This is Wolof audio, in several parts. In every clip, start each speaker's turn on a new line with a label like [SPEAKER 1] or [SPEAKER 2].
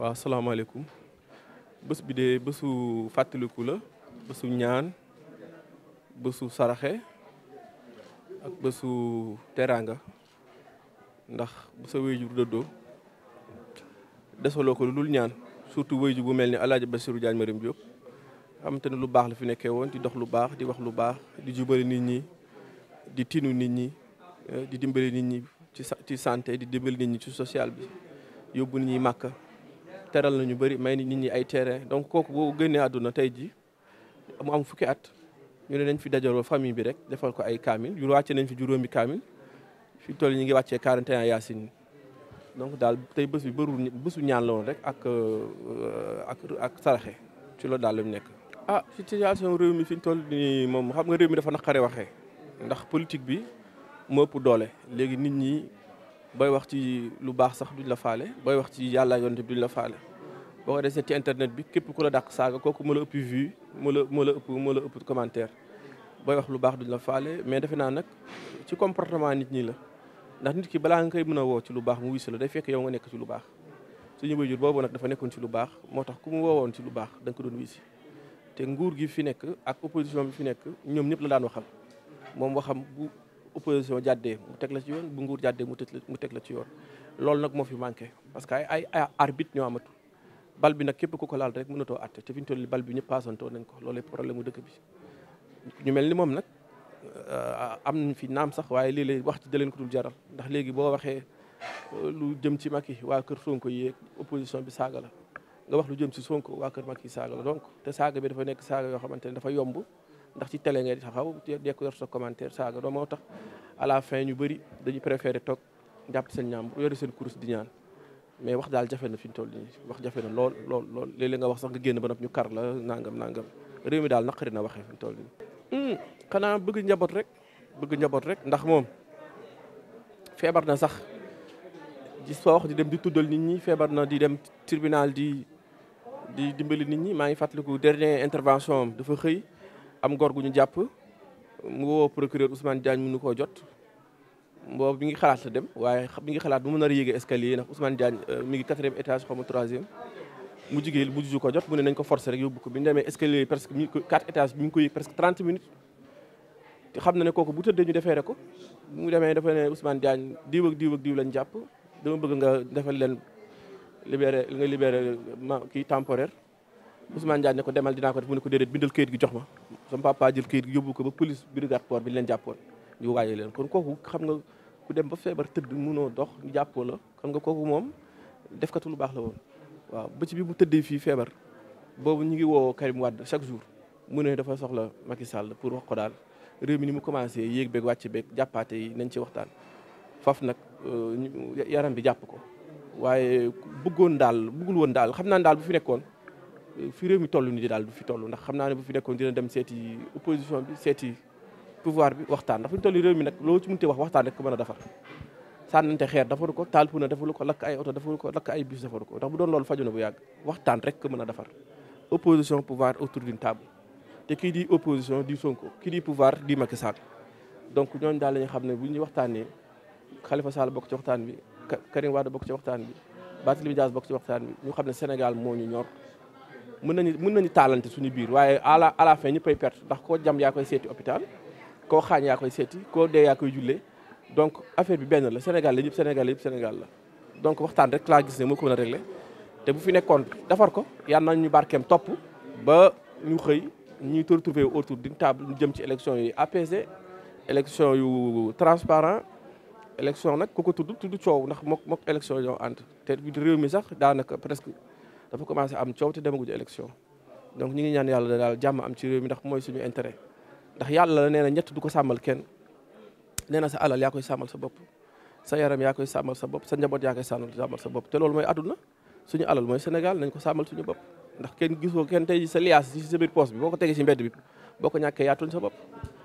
[SPEAKER 1] waaw salaamaaleykum bës bi de bésu fàttaliku la bésu ñaan bésu saraxe ak bésu teraanga ndax bu sa wéyjur dëddoo desaloo ko lu dul ñaan surtout wéyjur bu mel ni Alaaji Bassirou Diagne Marim Diop xam te ne lu baax la fi nekkee di dox lu baax di wax lu baax di jubali nit ñi di tinu nit ñi Euh, di dimbali nit ñi ci ci santé di dimbali nit ñi ci sociale bi yóbbu nit ñi màkk teral na ñu bëri may nit ñi ay terrain donc kooku boo génnee àdduna tey ji mu am fukki at ñu ne nañ fi dajaloo famille bi rek defal ko ay kaamil yu nañ fi juróomi kaamil fi toll ñi ngi wàccee 41 yaasin donc daal tey bés bi bërul bésu woon rek ak euh, ak ak saraxe ci loolu daal la nekk. ah situation réew mi fi ñu toll nii moom xam nga réew mi dafa naqare waxee ndax politique bi. moo ëpp doole léegi nit ñi booy wax ci lu baax sax duñ la faale booy wax ci yàlla yonent bi duñ la faale boo ko desee ci internet bi képp ku la dàq saaga kooku moo la ëpp vue moo la moo la ëpp moo la ëpp commentaire booy wax lu baax duñu la faale mais defe naa nag ci comportement nit ñi la ndax nit ki balaa nga koy mën a woo ci lu baax mu wis la day fekk yow nga nekk ci lu baax suñu waajur boobu nag dafa nekkoon ci lu baax moo tax ku mu woowoon ci lu baax da nga doon wisi te nguur gi fi nekk ak opposition bi fi nekk ñoom ñëpp la daan waxam opposition jàddee mu teg la ci yoon bu nguur jàddee mu teg la ci yoon lool nag moo fi manqué parce que ay ay arbitre ñoo amatul bi nag képp ku ko laal rek mënatoo àtte te fi ñu toll bal bi ñëpp paasantoo nañ ko loolu problème mu dëkk bi ñu mel ni moom nag euh, am nañ fi naam sax waaye lii lay wax ci daleen ko dul jaral ndax léegi boo waxee euh, lu jëm ci Macky waa kër Sonko yi opposition bi saaga la nga wax lu jëm ci Sonko waa kër Macky saaga la donc te saaga bi dafa nekk saaga yoo xamante ne dafa yomb ndax ci télé ngay taxaw dekk yor sa commentaire saaga doo moo tax à fin ñu bëri dañu préféré toog jàpp seen ñaam yore seen kurus di ñaan mais wax daal jafe na fi ñu toll nii wax jafe na lool lool lool wax sax génn ba noppi ñu kar la nangam nangam réew daal na waxee fi ñu toll nii. Hmm, xanaa bëgg njaboot rek bëgg njaboot rek ndax moom feebar na sax di soox di dem di tuddal nit ñi feebar na di dem tribunal di di dimbali nit ñi maa ngi fàttaliku dernier intervention dafa xëy. am góor gu ñu jàpp mu woo procureur Ousmane Diagne mënu koo jot boobu mi ngi xalaat la dem waaye mi ngi xalaat bu mu nar a yéegee escalier ndax Ousmane Diagne euh, ngi quatrième étage xaw ma troisième mu jigéen ko jot mu ne nañ ko forcer rek yóbbu ko bi ñu demee escalier presque mi ngi ko quatre étages mi ngi ko yéeg presque trente minutes xam na ne kooku bu tëddee ñu defee rek ko mu demee dafa ne Ousmane Diagne diw ak diw ak jàpp dama bëgg nga defal leen libéré nga libéré ma kii temporaire Ousmane Ndiaye ne ko demal dinaa ko def mu ne ko déedéet bindal këyit gi jox ma sama papa jël këyit gi yóbbu ko ba police brigade port bi ñu leen jàppoon ñu waaye leen kon kooku xam nga ku dem ba feebar tëdd munoo dox jàppoo la xam nga kooku moom defkatu lu baax la woon waaw ba ci bi mu tëddee fii feebar boobu ñu ngi woo Karim Wade chaque jour mu dafa soxla Macky Sall pour wax ko daal réew mi ni mu commencé yéeg beeg wàcc beeg jàppaate nañ ci waxtaan faf nag euh, yaram bi jàpp ko waaye bëggoon daal bëggul woon daal xam naa daal bu fi nekkoon fi réew mi toll nii daal du fi toll ndax xam naa ne bu fi nekkoon dina dem seeti opposition bi seeti pouvoir bi waxtaan ndax fi ñu toll réew mi nag loo ci mënti wax waxtaan rek ko mën a defar sànnante xeer defaru ko taal puna defaru ko lakk oto defaru ko lakk ay bus defaru ko ndax bu doon loolu faju na bu waxtaan rek mën a defar opposition pouvoir autour d'une table te kii di opposition di Sonko kii di pouvoir di Macky Sall donc ñooñu daal la ñu xam ne bu ñuy waxtaanee Khalifa Sall bokk ci waxtaan bi Karim Wade bokk ci waxtaan bi Barthélémy Dias bokk ci waxtaan bi ñu xam ne Sénégal moo ñu ñor mën nañu mën nañu taalante suñu biir waaye à la à la fin ndax koo jam yaa seeti hôpital ko xaañ yaa seeti ko dee yaa koy donc affaire bi benn la Sénégal la ñëpp Sénégal la ñëpp Sénégal la donc waxtaan rek laa gis ne moo ko mën a te bu fi nekkoon defar ko yal na ñu barkeem topp ba ñu xëy ñuy retrouver autour d'une table ñu jëm ci élection yu apaisé élection yu transparent élection nag ku ko tudd tudd coow ndax mook mook élection yoo ànd te réew mi sax daanaka presque dafa commencé am coow te demaguñu élection donc ñu ngi ñaan yàlla daal jàmm am ci réew mi ndax mooy suñu intérêt ndax yàlla nee na ñett du ko sàmmal kenn nee na sa alal yaa koy sàmmal sa bopp sa yaram yaa koy sàmmal sa bopp sa njaboot yaa koy sàmmal sa bopp te loolu mooy àdduna suñu alal mooy Sénégal nañ ko sàmmal suñu bopp ndax kenn gisoo kenn tey sa liaas si sa bi boo ko tegee si mbedd bi boo ko ñàkkee yaatuñ sa bopp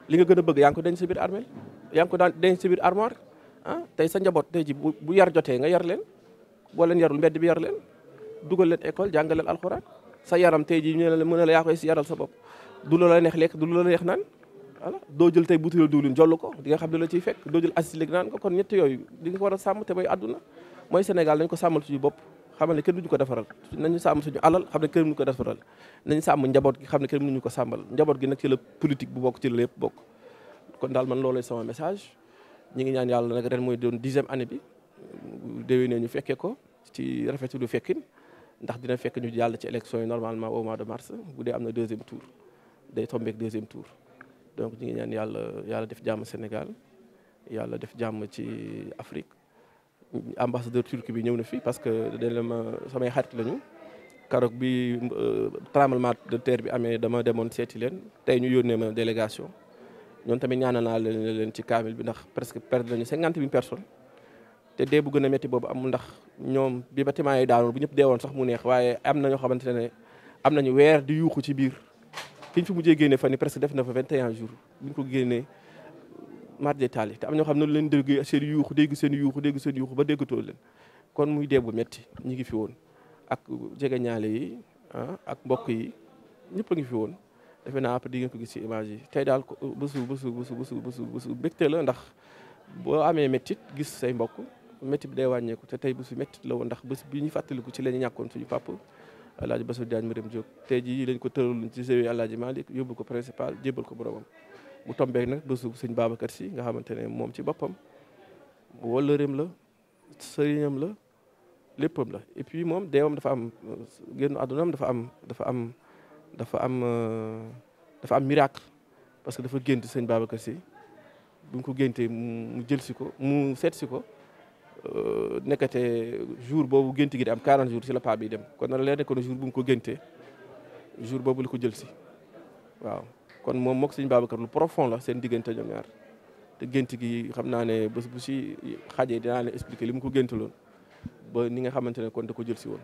[SPEAKER 1] li nga gën a bëgg yaa ngi ko denc sa biir armeel yaa ngi ko daan denc armoire ah, tey sa njaboot tey ji bu yar jotee nga yar leen boo leen yarul mbedd bi yar leen dugal leen école jàngal leen alxuraan sa yaram tey jii ñu ne la mën na la yaa koy yaral sa bopp du loola neex lekk du loola neex naan voilà doo jël tey butéel diwlin jollu ko di nga xam ne la ciy fekk doo naan ko kon ñett yooyu di nga ko war a mooy àdduna mooy Sénégal dañ ko sàmmal suñu bopp xam ne kenn duñu ko defaral nañu sàmm suñu alal xam ne kenn mënuñu ko defaral nañu sàmm njaboot gi xam ne kenn mënuñu ko sàmmal njaboot gi nag ci la politique bu bokk ci la lépp bokk kon daal man loolay sama message ñi ngi ñaan yàlla nag ren mooy doon dixième année bi ñu fekkee ko ci rafetu du fekkin ndax dina fekk ñu jàll ci élection yi normalement au mois de mars bu dee am na deuxième tour day tombé ak deuxième tour donc ñu ngi ñaan yàlla yàlla def jàmm Sénégal yàlla def jàmm ci Afrique ambassadeur turc bi ñëw na fi parce que dañ la ma samay xarit lañu karoog bi euh, tremblement de terre bi amee dama demoon seeti leen tey ñu yónnee ma délégation ñoom tamit ñaanal naa leen leen ci kaamil bi ndax presque perdre nañu cinquante mille personnes te dee bu na a boobu amul ndax ñoom bi bâtiment yi daanoon bu ñëpp dee woon sax mu neex waaye am na ñoo xamante ne am nañu weer di yuuxu ci biir ki ñu fi mujjee génne ne yi presque def na fa 21 jours bu ñu ko génnee mardi taali te am ñoo xam ne leen dégg seen yuuxu dégg seen yuuxu dégg seen yuuxu ba déggatoo leen kon muy dee bu métti ñi ngi fi woon ak jege ñaale yi ah, ak mbokk yi ñëpp a ngi fi woon defe naa après di ngeen ko gis ci image yi tey daal bésu bésu bésu bésu bésu bésu mbégte la ndax boo amee méttit gis say mbokk métti bi day wàññeeku te tey bés bi métti la woon ndax bés bi ñu fàttaliku ci la ñu ñàkkoon ñu papa alaaji Bassirou Diagne Maram Diop tey jii lañ ko tëraloon ci sëwi alaaji Malick yóbbu ko principal jébbal ko boromam bu tombeek nag bésu sëñ Babacar si nga xamante ne moom ci boppam wëllëreem la sëriñam la léppam la et puis moom deewam dafa am génn àddunaam dafa am dafa am dafa am euh, dafa am miracle parce que dafa gént sëñ Babacar si bu ñu ko géntee mu jël si ko mu seet si ko Euh, nekkate jour boobu gént gi di am 40 jours si la paa bi dem kon na leer ne kon jour bu mu ko géntee jour boobu li ko jël si waaw kon moom mook sëñ Babacar lu profond la seen diggante ñoom ñaar te gént gi xam naa ne bés bu si xajee dinaa leen expliquer li mu ko géntaloon ba ni nga xamante ne kon da ko jël si woon